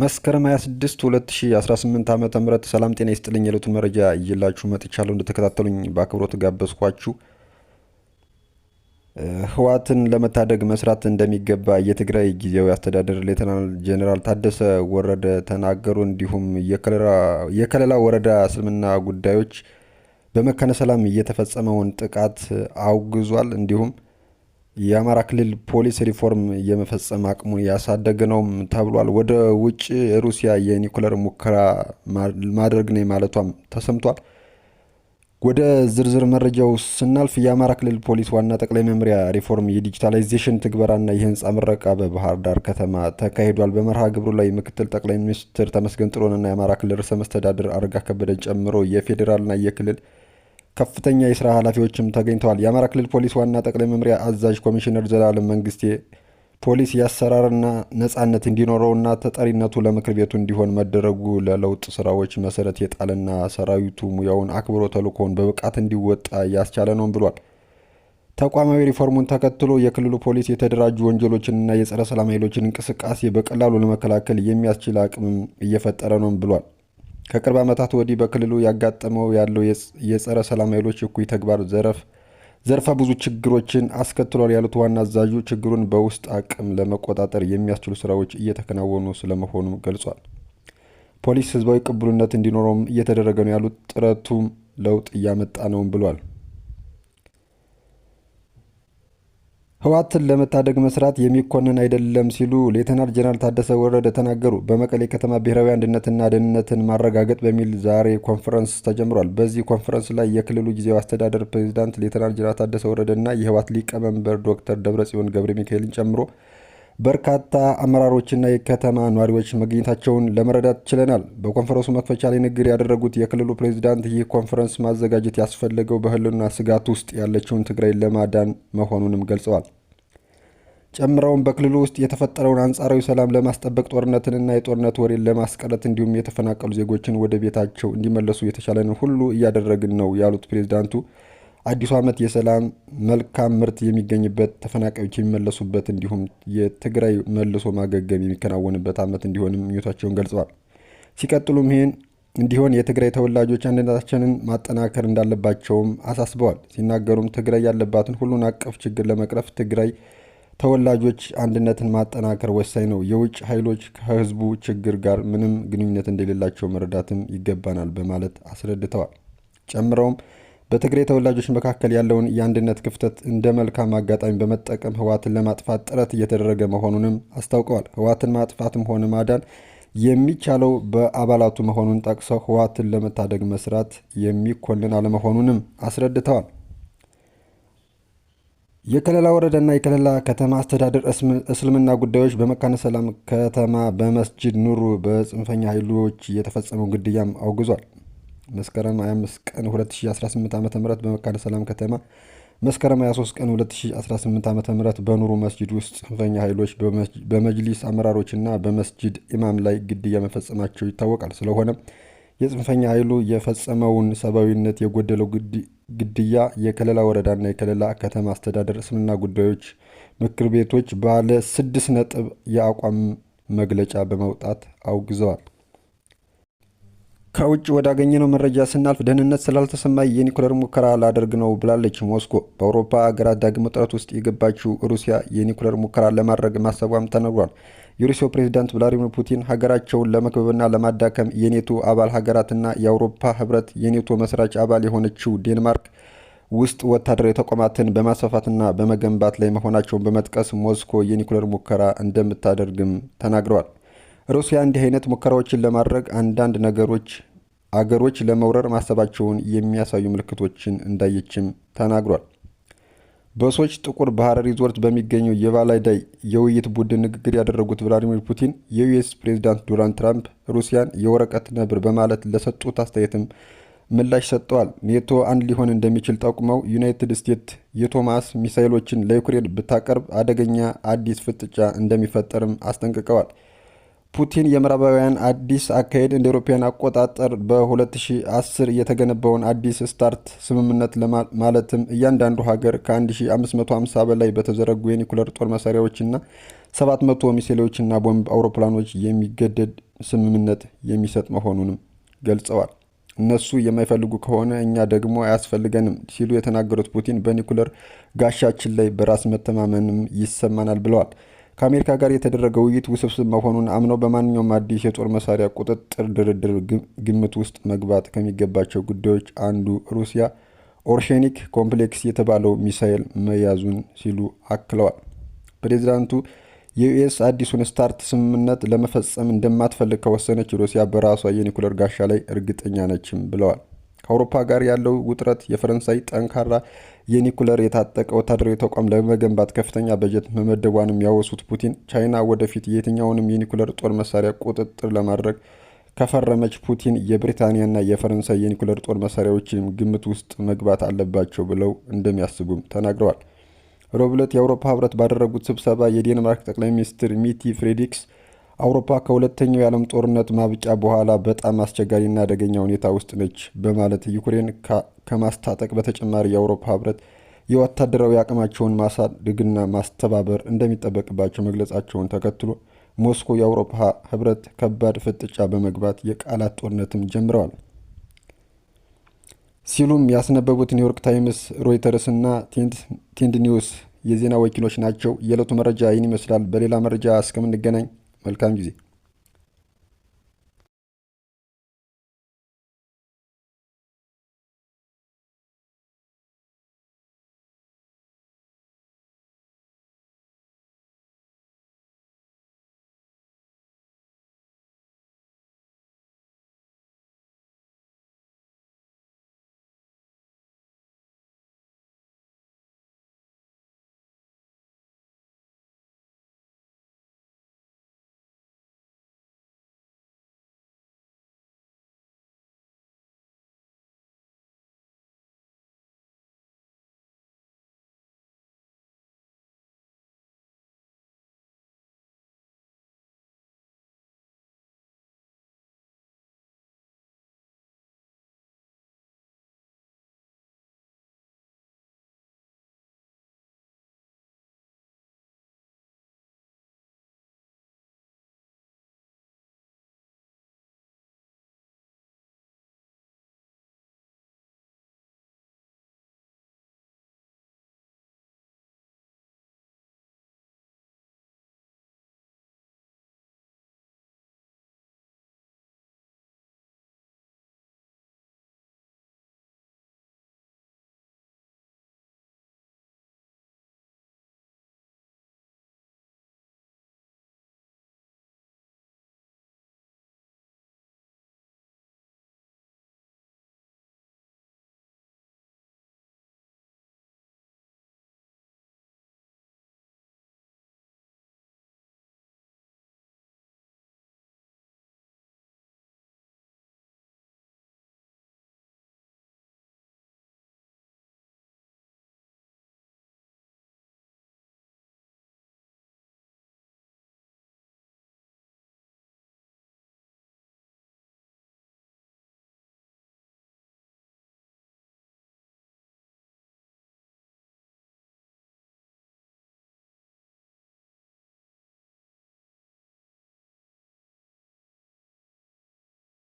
መስከረም 26 2018 ዓ ም ሰላም ጤና ይስጥልኝ። የዕለቱን መረጃ እየላችሁ መጥቻለሁ። እንደተከታተሉኝ በአክብሮት ጋበዝኳችሁ። ህወሓትን ለመታደግ መስራት እንደሚገባ የትግራይ ጊዜያዊ አስተዳደር ሌተናል ጄኔራል ታደሰ ወረደ ተናገሩ። እንዲሁም የከለላ ወረዳ እስልምና ጉዳዮች በመካነ ሰላም እየተፈጸመውን ጥቃት አውግዟል። እንዲሁም የአማራ ክልል ፖሊስ ሪፎርም የመፈጸም አቅሙን ያሳደገ ነውም ተብሏል። ወደ ውጭ ሩሲያ የኒኩለር ሙከራ ማድረግ ነው ማለቷም ተሰምቷል። ወደ ዝርዝር መረጃው ስናልፍ የአማራ ክልል ፖሊስ ዋና ጠቅላይ መምሪያ ሪፎርም የዲጂታላይዜሽን ትግበራና የህንፃ ምረቃ በባህር ዳር ከተማ ተካሂዷል። በመርሃ ግብሩ ላይ ምክትል ጠቅላይ ሚኒስትር ተመስገን ጥሩነህና የአማራ ክልል ርዕሰ መስተዳድር አረጋ ከበደን ጨምሮ የፌዴራልና የክልል ከፍተኛ የስራ ኃላፊዎችም ተገኝተዋል። የአማራ ክልል ፖሊስ ዋና ጠቅላይ መምሪያ አዛዥ ኮሚሽነር ዘላለም መንግስቴ ፖሊስ የአሰራርና ነጻነት እንዲኖረውና ተጠሪነቱ ለምክር ቤቱ እንዲሆን መደረጉ ለለውጥ ስራዎች መሰረት የጣለና ሰራዊቱ ሙያውን አክብሮ ተልእኮውን በብቃት እንዲወጣ ያስቻለ ነውም ብሏል። ተቋማዊ ሪፎርሙን ተከትሎ የክልሉ ፖሊስ የተደራጁ ወንጀሎችንና የጸረ ሰላም ኃይሎችን እንቅስቃሴ በቀላሉ ለመከላከል የሚያስችል አቅምም እየፈጠረ ነውም ብሏል። ከቅርብ ዓመታት ወዲህ በክልሉ ያጋጠመው ያለው የጸረ ሰላም ኃይሎች እኩይ ተግባር ዘረፍ ዘርፈ ብዙ ችግሮችን አስከትሏል ያሉት ዋና አዛዡ ችግሩን በውስጥ አቅም ለመቆጣጠር የሚያስችሉ ስራዎች እየተከናወኑ ስለመሆኑም ገልጿል። ፖሊስ ህዝባዊ ቅቡልነት እንዲኖረውም እየተደረገ ነው ያሉት ጥረቱም ለውጥ እያመጣ ነውም ብሏል። ህወሓትን ለመታደግ መስራት የሚኮንን አይደለም ሲሉ ሌተናል ጀነራል ታደሰ ወረደ ተናገሩ። በመቀሌ ከተማ ብሔራዊ አንድነትና ደህንነትን ማረጋገጥ በሚል ዛሬ ኮንፈረንስ ተጀምሯል። በዚህ ኮንፈረንስ ላይ የክልሉ ጊዜያዊ አስተዳደር ፕሬዚዳንት ሌተናል ጀነራል ታደሰ ወረደና የህወሓት ሊቀመንበር ዶክተር ደብረጽዮን ገብረ ሚካኤልን ጨምሮ በርካታ አመራሮችና የከተማ ነዋሪዎች መገኘታቸውን ለመረዳት ችለናል። በኮንፈረንሱ መክፈቻ ላይ ንግግር ያደረጉት የክልሉ ፕሬዚዳንት ይህ ኮንፈረንስ ማዘጋጀት ያስፈለገው በህልውና ስጋት ውስጥ ያለችውን ትግራይ ለማዳን መሆኑንም ገልጸዋል። ጨምረውም በክልሉ ውስጥ የተፈጠረውን አንጻራዊ ሰላም ለማስጠበቅ ጦርነትንና የጦርነት ወሬን ለማስቀረት እንዲሁም የተፈናቀሉ ዜጎችን ወደ ቤታቸው እንዲመለሱ የተቻለንን ሁሉ እያደረግን ነው ያሉት ፕሬዚዳንቱ አዲሱ ዓመት የሰላም መልካም ምርት የሚገኝበት ተፈናቃዮች የሚመለሱበት እንዲሁም የትግራይ መልሶ ማገገም የሚከናወንበት ዓመት እንዲሆንም ምኞታቸውን ገልጸዋል። ሲቀጥሉም ይህን እንዲሆን የትግራይ ተወላጆች አንድነታችንን ማጠናከር እንዳለባቸውም አሳስበዋል። ሲናገሩም ትግራይ ያለባትን ሁሉን አቀፍ ችግር ለመቅረፍ ትግራይ ተወላጆች አንድነትን ማጠናከር ወሳኝ ነው። የውጭ ኃይሎች ከህዝቡ ችግር ጋር ምንም ግንኙነት እንደሌላቸው መረዳትም ይገባናል በማለት አስረድተዋል። ጨምረውም በትግሬ ተወላጆች መካከል ያለውን የአንድነት ክፍተት እንደ መልካም አጋጣሚ በመጠቀም ህወሓትን ለማጥፋት ጥረት እየተደረገ መሆኑንም አስታውቀዋል። ህወሓትን ማጥፋትም ሆነ ማዳን የሚቻለው በአባላቱ መሆኑን ጠቅሰው ህወሓትን ለመታደግ መስራት የሚኮንን አለመሆኑንም አስረድተዋል። የከለላ ወረዳና የከለላ ከተማ አስተዳደር እስልምና ጉዳዮች በመካነ ሰላም ከተማ በመስጅድ ኑሩ በጽንፈኛ ኃይሎች የተፈጸመው ግድያም አውግዟል። መስከረም 25 ቀን 2018 ዓ ም በመካነ ሰላም ከተማ መስከረም 23 ቀን 2018 ዓ ም በኑሩ መስጂድ ውስጥ ጽንፈኛ ኃይሎች በመጅሊስ አመራሮችና በመስጂድ ኢማም ላይ ግድያ መፈጸማቸው ይታወቃል። ስለሆነ የጽንፈኛ ኃይሉ የፈጸመውን ሰብአዊነት የጎደለው ግድያ የከለላ ወረዳና የከለላ ከተማ አስተዳደር እስልምና ጉዳዮች ምክር ቤቶች ባለ ስድስት ነጥብ የአቋም መግለጫ በማውጣት አውግዘዋል። ከውጭ ወዳገኘነው መረጃ ስናልፍ ደህንነት ስላልተሰማ የኒኩለር ሙከራ ላደርግ ነው ብላለች ሞስኮ። በአውሮፓ ሀገራት ዳግም ውጥረት ውስጥ የገባችው ሩሲያ የኒኩለር ሙከራ ለማድረግ ማሰቧም ተነግሯል። የሩሲያው ፕሬዚዳንት ቭላዲሚር ፑቲን ሀገራቸውን ለመክበብና ለማዳከም የኔቶ አባል ሀገራትና የአውሮፓ ህብረት የኔቶ መስራች አባል የሆነችው ዴንማርክ ውስጥ ወታደራዊ ተቋማትን በማስፋፋትና በመገንባት ላይ መሆናቸውን በመጥቀስ ሞስኮ የኒኩለር ሙከራ እንደምታደርግም ተናግረዋል። ሩሲያ እንዲህ አይነት ሙከራዎችን ለማድረግ አንዳንድ ነገሮች አገሮች ለመውረር ማሰባቸውን የሚያሳዩ ምልክቶችን እንዳየችም ተናግሯል። በሶች ጥቁር ባህር ሪዞርት በሚገኘው የቫላዳይ የውይይት ቡድን ንግግር ያደረጉት ቭላዲሚር ፑቲን የዩኤስ ፕሬዚዳንት ዶናልድ ትራምፕ ሩሲያን የወረቀት ነብር በማለት ለሰጡት አስተያየትም ምላሽ ሰጥተዋል። ኔቶ አንድ ሊሆን እንደሚችል ጠቁመው ዩናይትድ ስቴትስ የቶማስ ሚሳይሎችን ለዩክሬን ብታቀርብ አደገኛ አዲስ ፍጥጫ እንደሚፈጠርም አስጠንቅቀዋል። ፑቲን የምዕራባውያን አዲስ አካሄድ እንደ አውሮፓውያን አቆጣጠር በ2010 የተገነባውን አዲስ ስታርት ስምምነት ማለትም እያንዳንዱ ሀገር ከ1550 በላይ በተዘረጉ የኒኩለር ጦር መሳሪያዎችና 700 ሚሳይሎችና ቦምብ አውሮፕላኖች የሚገደድ ስምምነት የሚሰጥ መሆኑንም ገልጸዋል። እነሱ የማይፈልጉ ከሆነ እኛ ደግሞ አያስፈልገንም ሲሉ የተናገሩት ፑቲን በኒኩለር ጋሻችን ላይ በራስ መተማመንም ይሰማናል ብለዋል። ከአሜሪካ ጋር የተደረገ ውይይት ውስብስብ መሆኑን አምነው በማንኛውም አዲስ የጦር መሳሪያ ቁጥጥር ድርድር ግምት ውስጥ መግባት ከሚገባቸው ጉዳዮች አንዱ ሩሲያ ኦርሼኒክ ኮምፕሌክስ የተባለው ሚሳኤል መያዙን ሲሉ አክለዋል። ፕሬዚዳንቱ የዩኤስ አዲሱን ስታርት ስምምነት ለመፈጸም እንደማትፈልግ ከወሰነች ሩሲያ በራሷ የኒኩለር ጋሻ ላይ እርግጠኛ ነችም ብለዋል። ከአውሮፓ ጋር ያለው ውጥረት የፈረንሳይ ጠንካራ የኒኩለር የታጠቀ ወታደራዊ ተቋም ለመገንባት ከፍተኛ በጀት መመደቧንም ያወሱት ፑቲን ቻይና ወደፊት የትኛውንም የኒኩለር ጦር መሳሪያ ቁጥጥር ለማድረግ ከፈረመች ፑቲን የብሪታንያና የፈረንሳይ የኒኩለር ጦር መሳሪያዎችም ግምት ውስጥ መግባት አለባቸው ብለው እንደሚያስቡም ተናግረዋል። ሮብለት የአውሮፓ ህብረት ባደረጉት ስብሰባ የዴንማርክ ጠቅላይ ሚኒስትር ሚቲ ፍሬዲክስ አውሮፓ ከሁለተኛው የዓለም ጦርነት ማብቂያ በኋላ በጣም አስቸጋሪና አደገኛ ሁኔታ ውስጥ ነች በማለት ዩክሬን ከማስታጠቅ በተጨማሪ የአውሮፓ ህብረት የወታደራዊ አቅማቸውን ማሳድግና ማስተባበር እንደሚጠበቅባቸው መግለጻቸውን ተከትሎ ሞስኮ የአውሮፓ ህብረት ከባድ ፍጥጫ በመግባት የቃላት ጦርነትም ጀምረዋል ሲሉም ያስነበቡት ኒውዮርክ ታይምስ፣ ሮይተርስ እና ቲንድ ኒውስ የዜና ወኪሎች ናቸው። የዕለቱ መረጃ ይህን ይመስላል። በሌላ መረጃ እስከምንገናኝ Welcome